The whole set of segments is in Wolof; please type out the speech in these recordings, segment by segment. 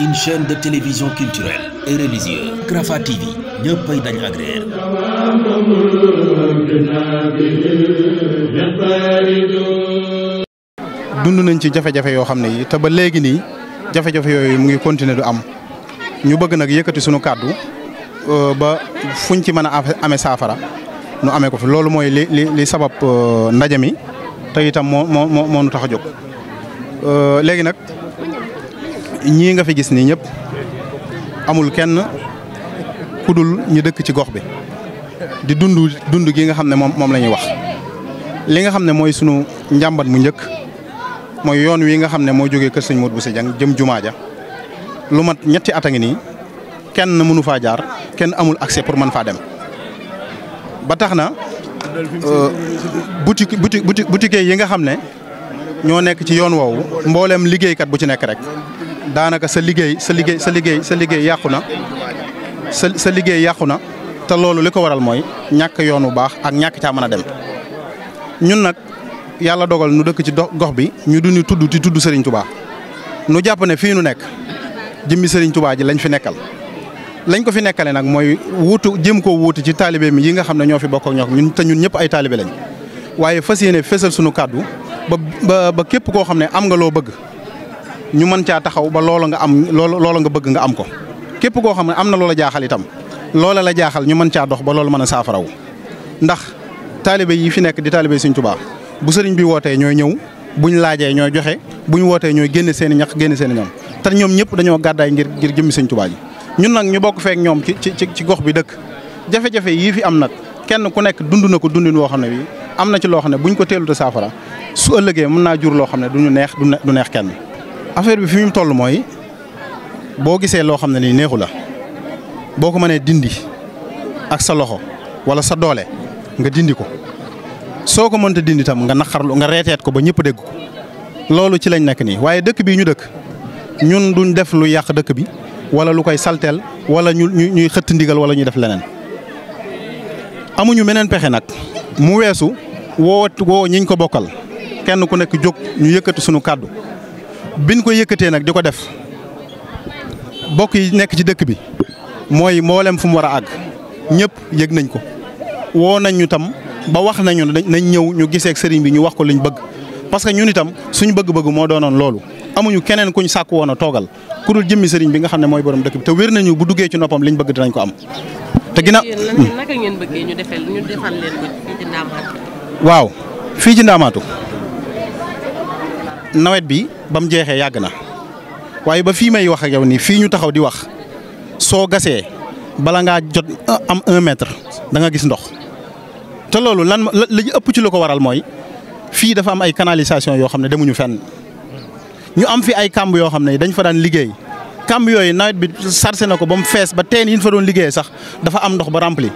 une chaîne de télévision culturelle et religieuse Rafah TV ñëppay dañ nañ ci jafe-jafe yoo xam ne yi te ba léegi nii jafe-jafe yooyu mu ngi continuer du am ñu bëgg nag yëkkati sunu kàddu euh, ba fuñ ci mën a amee saafara nu amee ko fi loolu mooy li li li sabab euh, ndaje mi te itam moo moo nu tax a jog euh, léegi nag. ñii nga fi gis nii ñëpp amul kenn ku dul ñu dëkk ci gox bi di dund dund gi nga xam ne moom moom la wax. li nga xam ne mooy sunu njàmbat mu njëkk mooy yoon wi nga xam ne moo jógee kër sëñ Modou Bousso Dieng jëm jumaa ja lu mat ñetti at a ngi nii kenn mënu faa jaar kenn amul accès pour mën faa dem ba tax na euh, boutique boutique boutique yi nga xam ne ñoo nekk ci yoon woowu mboolem liggéeykat bu ci nekk rek daanaka sa liggéey sa liggéey sa liggéey sa liggéey yàqu na sa sa liggéey yàqu na te loolu li ko waral mooy ñàkk yoon wu baax ak ñàkk caa mën a dem ñun nag yàlla dogal nu dëkk ci gox bi ñu duñu tudd ci tudd Serigne Touba nu jàpp ne fii nu nekk jëmmi Serigne Touba ji lañ fi nekkal lañ ko fi nekkale nag mooy wuutu jëm ko wuuti ci taalibe mi yi nga xam ne ñoo fi bokk ak ñoom ñun te ñun ñëpp ay taalibe lañ waaye fas yéene fesal sunu kàddu ba ba képp koo xam ne am nga loo bëgg ñu mën caa taxaw ba loola nga am loola loola nga bëgg nga am ko képp koo xam ne am na la jaaxal itam loola la jaaxal ñu mën caa dox ba loolu mën a saafaraw ndax taalibe yi fi nekk di taalibe Sëriñ Tuubaa bu sëriñ bi wootee ñooy ñëw buñ laajee ñooy joxe buñ wootee ñooy génne seen ñax génne seen i ñam te ñoom ñëpp dañoo gàddaay ngir ngir jëmmi Sëriñ Tuubaa ji ñun nag ñu bokk feek ñoom ci ci ci gox bi dëkk jafe-jafe yii fi am nag kenn ku nekk dund na ko dundin woo xam ne bi am na ci loo xam ne buñ ko teelut a saafara su ëllëgee mën naa jur loo xam ne du ñu neex du neex kenn affaire bi fi ñu toll mooy boo gisee loo xam ne nii neexu la boo ko mënee dindi ak sa loxo wala sa doole nga dindi ko soo ko mënta dindi tam nga naqarlu nga reeteet ko ba ñëpp dégg ko loolu ci lañ nekk nii waaye dëkk bii ñu dëkk ñun duñ def lu yàq dëkk bi wala lu koy salteel wala ñu ñuy xëtt ndigal wala ñuy def leneen amuñu meneen pexe nag mu weesu woo woo ñiñ ko bokkal kenn ku nekk jóg ñu yëkkati sunu kàddu biñ ko yëkkatee nag di ko def bokk yi nekk ci dëkk bi mooy mboolem fu mu war a àgg ñëpp yëg nañ ko woo nañ ñu tam ba wax nañu nañ ñëw ñu gisee sëriñ bi ñu wax ko liñ bëgg parce que ñun itam suñu bëgg-bëgg moo doonoon loolu amuñu keneen kuñ sàkk woon a toogal ku dul jëmmi sëriñ bi nga xam ne mooy borom dëkk bi te wér nañu bu duggee ci noppam liñ bëgg dinañ ko am. ko fii ci Ndaamaatu. waaw fii ci Ndaamaatu nawet bi ba mu jeexee yàgg na waaye ba fii may wax ak yow nii fii ñu taxaw di wax soo gasee bala ngaa jot am un mètre da nga gis ndox te loolu lan li ëpp ci lu ko waral mooy fii dafa am ay canalisation yoo xam ne demuñu fenn ñu am fi ay kàmb yoo xam ne dañ fa daan liggéey kàmb yooyu nawet bi sarse na ko ba mu fees ba teen yi ñu fa doon liggéeyee sax dafa am ndox ba rempli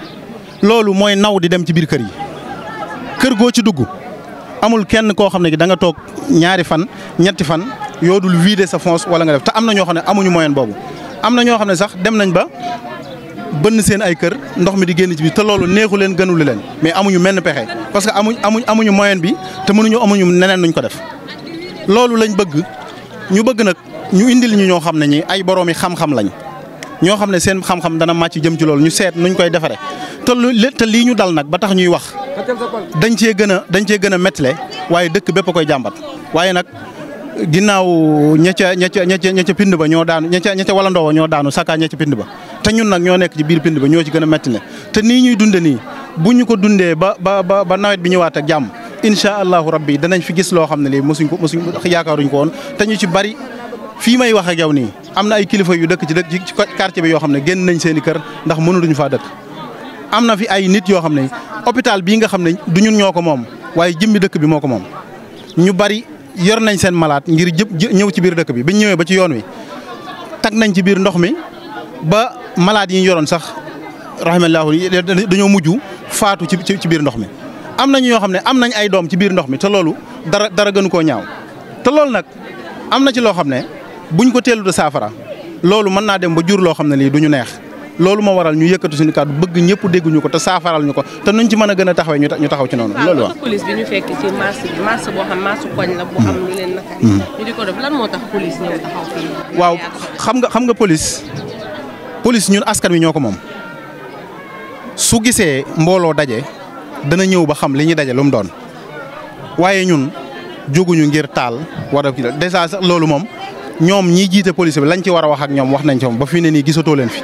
loolu mooy naw di dem ci biir kër yi kër goo ci dugg. amul kenn koo xam ne da nga toog ñaari fan ñetti fan yoo wii de sa fonds wala nga def te am na ñoo xam ne amuñu moyen boobu. am na ñoo xam ne sax dem nañ ba bënn seen ay kër ndox mi di génn ci bi te loolu neexu leen gënulu leen mais amuñu menn pexe parce que amuñ amuñ amuñu moyen bi te mënuñu amuñu neneen nuñ ko def loolu lañ bëgg ñu bëgg nag ñu indil ñu ñoo xam ne ñi ay boroomi xam-xam lañ ñoo xam ne seen xam-xam dana màcc jëm ci loolu ñu seet nuñ koy defaree te lu lii ñu dal nag ba tax ñuy wax dañ cee gën a dañ cee gën a méttile waaye dëkk bépp koy jàmbat waaye nag ginnaaw ña ca ña ca ña ca ña ca pind ba ñoo daanu ña ca ñoo daanu saka ña ca pind ba te ñun nag ñoo nekk ci biir pind ba ñoo ci gën a méttile te nii ñuy dunde nii bu ñu ko dundee ba ba ba nawet bi ñëwaat ak jàmm incha allahu rabbi danañ fi gis loo xam ne lii mosuñ ko mosuñ yaakaaruñ ko woon te ñu ci bari fii may wax ak yow nii am na ay kilifa yu dëkk ci dëkk ci quartier bi yoo xam ne génn nañ seen i kër ndax mënuñu faa dëkk am na fi ay nit yoo xam ne hôpital bii nga xam ne du ñun ñoo ko moom waaye jëmmi dëkk bi moo ko moom ñu bari yor nañ seen malaat ngir jë ñëw ci biir dëkk bi biñ ñëwee ba ci yoon wi tag nañ ci biir ndox mi ba malaat yi yoroon sax rahimallahu dañoo mujj faatu ci ci biir ndox mi. am na yoo xam ne am nañ ay doom ci biir ndox mi te loolu dara dara gënu koo ñaaw te loolu nag am na ci loo xam ne buñ ko teelu saafara loolu mën naa dem ba jur loo xam ne lii du ñu neex. loolu moo waral ñu yëkkatu suñu kàddu bëgg ñëpp dégguñu ko te saafaral ñu ko te nuñ ci mën a gën a taxawee ñu taxaw ci noonu. waaw ci marché bi marché xam mm. mm. waaw xam nga xam nga police police ñun askan wi ñoo ko moom su gisee mbooloo daje dana ñëw ba xam li ñuy daje lu mu doon waaye ñun jóguñu ngir taal war a dèjà sax loolu moom ñoom ñi jiite police bi lañ ci war a wax ak ñoom wax nañ ci moom ba fi ne nii gisatoo leen fi.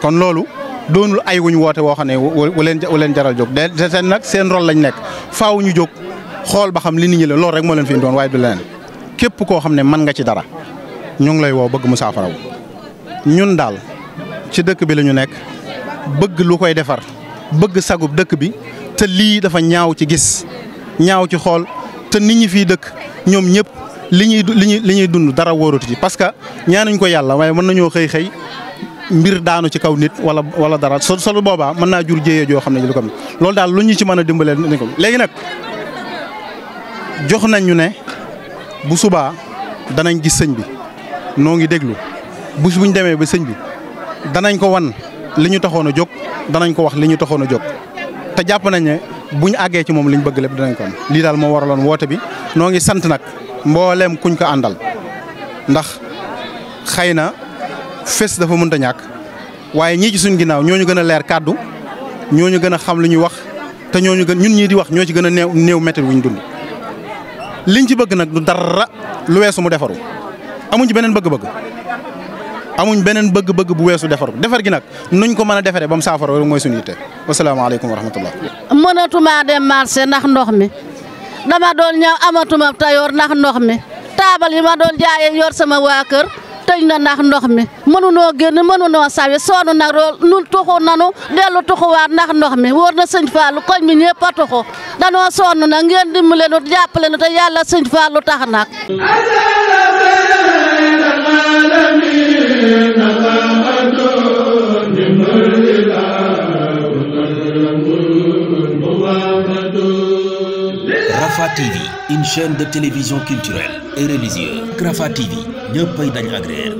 kon loolu doonul ay wuñ woote woo xam ne wu leen wu leen jaral jóg de te nag seen rôle lañ nekk faaw ñu jóg xool ba xam li nit ñi la loolu rek moo leen fi doon waaye du leneen képp koo xam ne mën nga ci dara ñu ngi lay woo bëgg mu saafaraw ñun daal ci dëkk bi la ñu nekk bëgg lu koy defar bëgg sagub dëkk bi te lii dafa ñaaw ci gis ñaaw ci xool te nit ñi fii dëkk ñoom ñëpp li ñuy li ñuy li ñuy dund dara wóorut ci parce que ñaanuñ ko yàlla waaye mën nañoo xëy xëy. mbir daanu ci kaw nit wala wala dara sol solo boobaa mën naa jur jéyee joo xam ne ji lu ko loolu daal lu ñu ci mën a dimbalee ni ko léegi nag jox nañ ñu ne bu subaa danañ gis sëñ bi noo ngi déglu bés bu ñu demee ba sëñ bi danañ ko wan li ñu taxoon a jóg danañ ko wax li ñu taxoon a jóg te jàpp nañ ne bu ñu àggee ci moom li bëgg lépp danañ ko am lii daal moo waraloon woote bi noo ngi sant nag mbooleem kuñ ko àndal ndax xëy na fes dafa mënta ñàkk waaye ñii ci suñ ginnaaw ñoo ñu gën a leer kàddu ñoo ñu gën a xam lu ñu wax te ñoo ñu gën ñun ñii di wax ñoo ci gën a néew néew métti wu ñu dund. liñ ci bëgg nag du dara lu weesu mu defaru amuñ ci beneen bëgg-bëgg amuñ bëgg-bëgg bu weesu defaru defar gi nag nuñ ko mën a defaree ba mu saafara loolu mooy suñu yitte wasalaamaaleykum wa rahmatullah. mënatuma dem marché ndax ndox mi dama doon ñëw amatuma tayoor ndax ndox mi taabal yi ma doon jaayee yor sama waa kër tëj na ndax ndox mi mënunoo génn mënunoo sawi soonu nag nun tuxu nanu dellu tuxuwaat ndax ndox mi wóor na sëñ Fallou koñ mi ñëpp a tuxu danoo sonn nag ngeen dimbale nu jàppale nu te yàlla sëñ Fallou tax nag Rafah TV, une chaîne de télévision culturelle et religieuse. ñëppay dañ ak réer